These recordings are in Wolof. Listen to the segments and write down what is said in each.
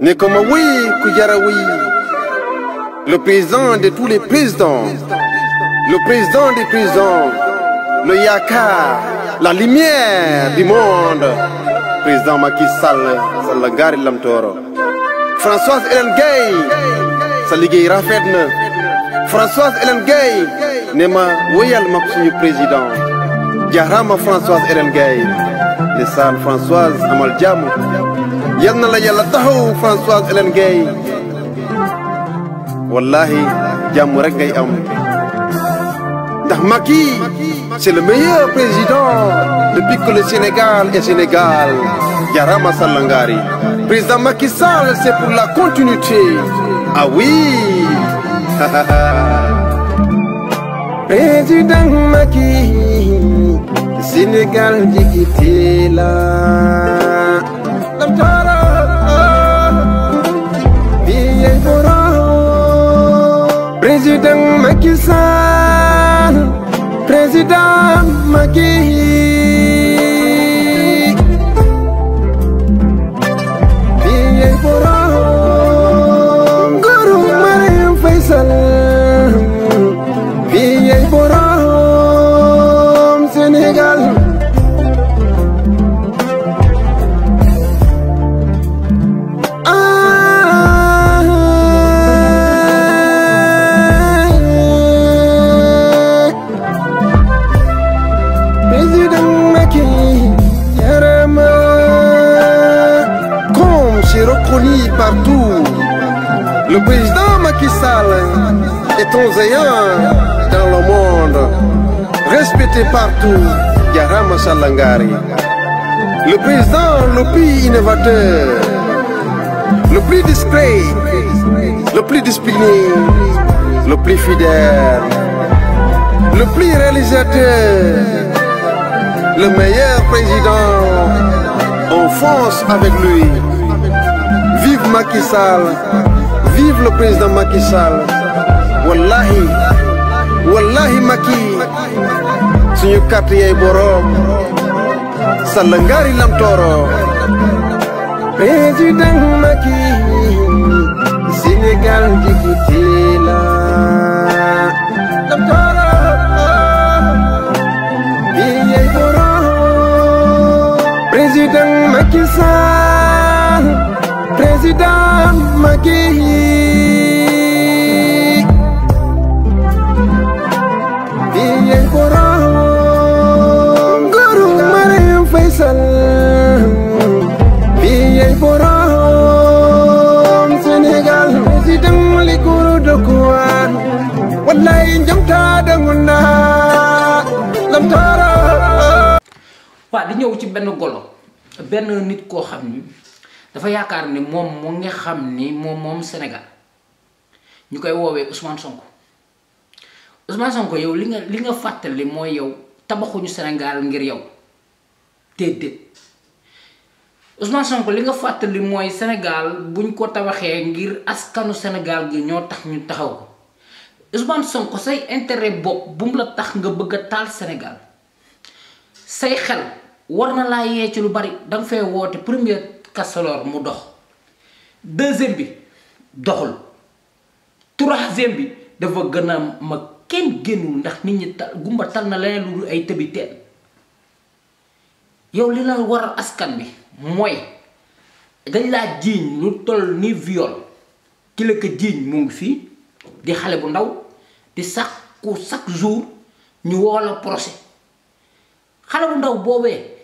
Nekoma oui, Kouyaraoui, le président de tous les présidents, le président des présidents, le Yakar, la lumière du monde, président Macky Sall, Salagari Lamtoro, Françoise Hélène Gay, Saligay Rafedne, Françoise Hélène Gay, Nema Woyal Mapsu président, Diarama Françoise Hélène Gay. lisaan Françoise amal jàmm yal na la yàlla taxaw Françoise Hélène Guèye wallahi jàmm rek ngay am ndax Macky c'est le meilleur président depuis que le Sénégal est Sénégal jarama Sallangari président Macky Sall c'est pour la continuité ah président Macky Sénégal jigiti la lamtara biye goro président Macky Sall président Macky chronies partout. Le président Macky Sall est transéant dans le monde, respecté partout. Yarama Salangari. Le président le plus innovateur, le plus discret, le plus discipliné, le plus fidèle, le plus réalisateur, le meilleur président. On avec lui. Macky Sall vive le président Macky Sall wallahi wallahi Macky suñu kàtt yay boroom salla ngaari lam tooro président Macky Sénégal jigiti la waaw di ñëw ci benn golo benn nit koo xam ni dafa yaakaar ni moom mu ngi xam ni moom moom Sénégal ñu koy woowee Ousmane Sonko Ousmane Sonko yow li li nga fàttali mooy yow tabaxuñu Sénégal ngir yow déedéet Ousmane li nga fàttali mooy Sénégal buñ ko tabaxee ngir askanu Sénégal gi ñoo tax ñu taxaw ko Sonko say intérêt bopp bu mu la tax nga bëgg a taal Sénégal say xel. war na laa yee ci lu bari da nga fee woote première casserole mu dox deuxième bi doxul troisième bi dafa gën a mag kenn génnul ndax nit ñi tal gumba tal na leneen lu dul ay tëbi yow li war waral askan bi mooy dañ laa jiiñ lu toll ni viol ki la ko jiiñ mu ngi fii di xale bu ndaw di sàkku chaque jour ñu woo la procès xale bu ndaw boobee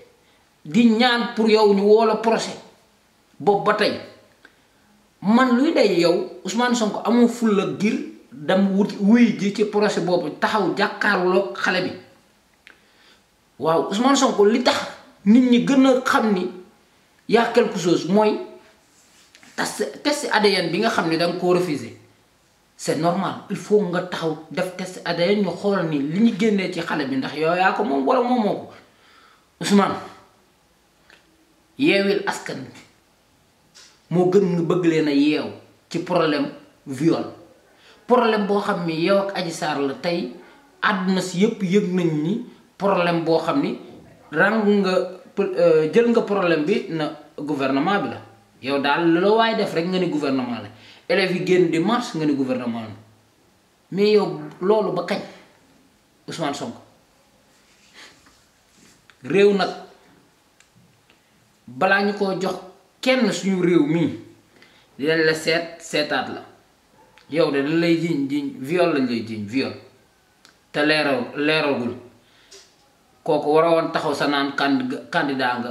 di ñaan pour yow ñu woo la procès boobu ba tey man luy day yow Ousmane Sonko amoo fulla ngir dem wuti wuy ji ci procès boobu taxaw jàkkaarloo xale bi waaw Ousmane Sonko li tax nit ñi gën a xam ni yaa quelque chose mooy test test ADN bi nga xam ni da nga koo refusé c'est normal il faut nga taxaw def test ADN ñu xool ni li ñu génnee ci xale bi ndax yow yaa ko moom wala moom moo ko yeewil askan bi moo gën nga bëgg leen a yeew ci problème viol problème boo xam ni yow ak Adji Sarr la tey àdduna si yëpp yëg nañ ni problème boo xam ni ràng nga euh, jël nga problème bi na gouvernement bi la yow daal loo waaye def rek nga ni gouvernement la élèves yi génn di marche nga ni gouvernement la mais yow loolu ba kañ Ousmane Sonko réew nag balaa ñu ko jox kenn suñu réew mii dinañ la seet seetaat la yow de dañ lay jiiñ jiiñ viol lañ lay jiiñ viol te leeral leeralgul kooku waroon taxaw sa naan candidat nga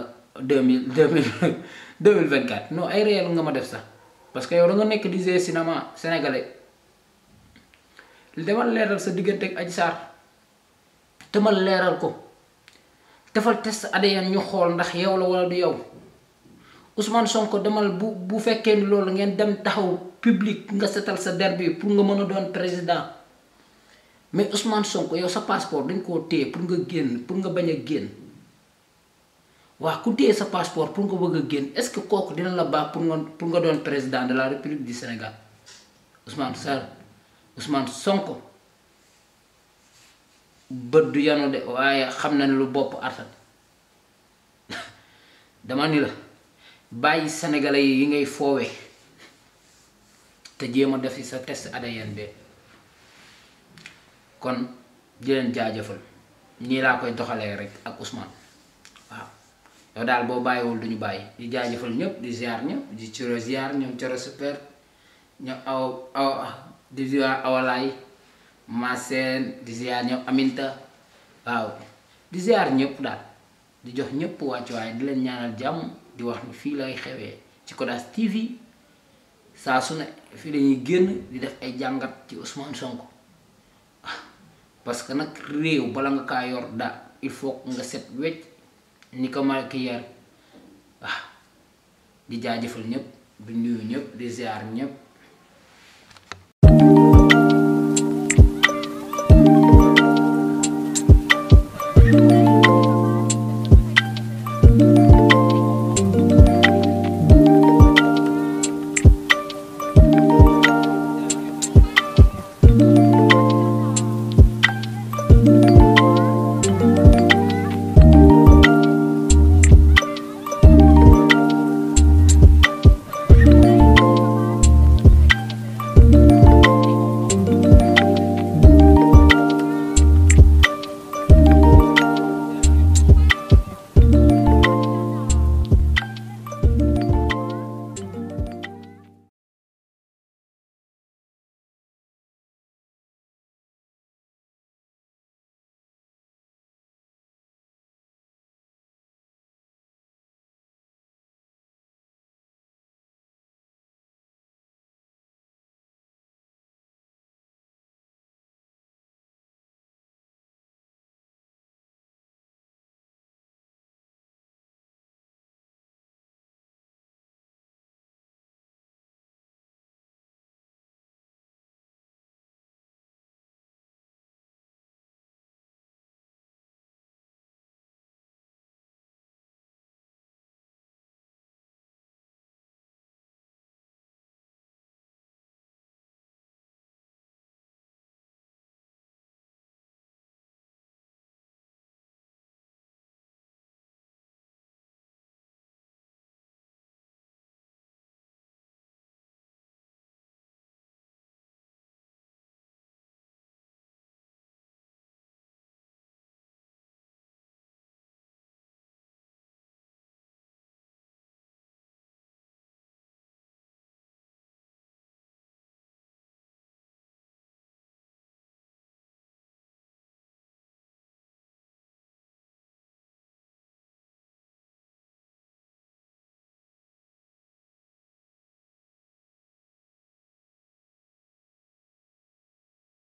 deux mille deux mille deux mille vingt quatre non ay réel nga ma def sax parce que yow da nga nekk di cinéma sénégalais demal leeral sa diggante ak Adji Sarr te leeral ko. defal test ADN ñu xool ndax yow la wala du yow Ousmane Sonko demal bu bu fekkee ni loolu ngeen dem taxaw public nga setal sa der pour nga mën a doon président mais Ousmane Sonko yow sa passeport dañ koo téye pour nga génn pour nga bañ a génn waa ku téye sa passeport pour nga bëgg a génn est-ce que kooku dina la baax pour nga pour nga doon président de la République du Sénégal Ousmane sa Ousmane Sonko. bët du yanu de waaye xam na ne lu bopp artan dama ni la bàyyi sénégalais yi ngay foowe te jéem a def ci sa test ADN bi kon di leen jaajëfal nii laa koy doxalee rek ak Ousmane waaw yow daal boo bàyyiwul duñu bàyyi di jaajëfal ñëpp di ziar ñëpp di coro ziar ñoom aw aw di ziar awalaay Massène di ziar ñëpp Aminta waaw di ziar ñëpp daal di jox ñëpp wàccuwaay di leen ñaanal jàmm di wax ni fii lay xewee ci Godass TV saa su ne fii lañuy génn di def ay jàngat ci Ousmane Sonko ah, parce que nag réew bala nga kaa yor daal il faut nga set wecc ni ko ma ki yar waaw ah, di jaajëfal ñëpp du nuyu ñëpp di ziar ñëpp.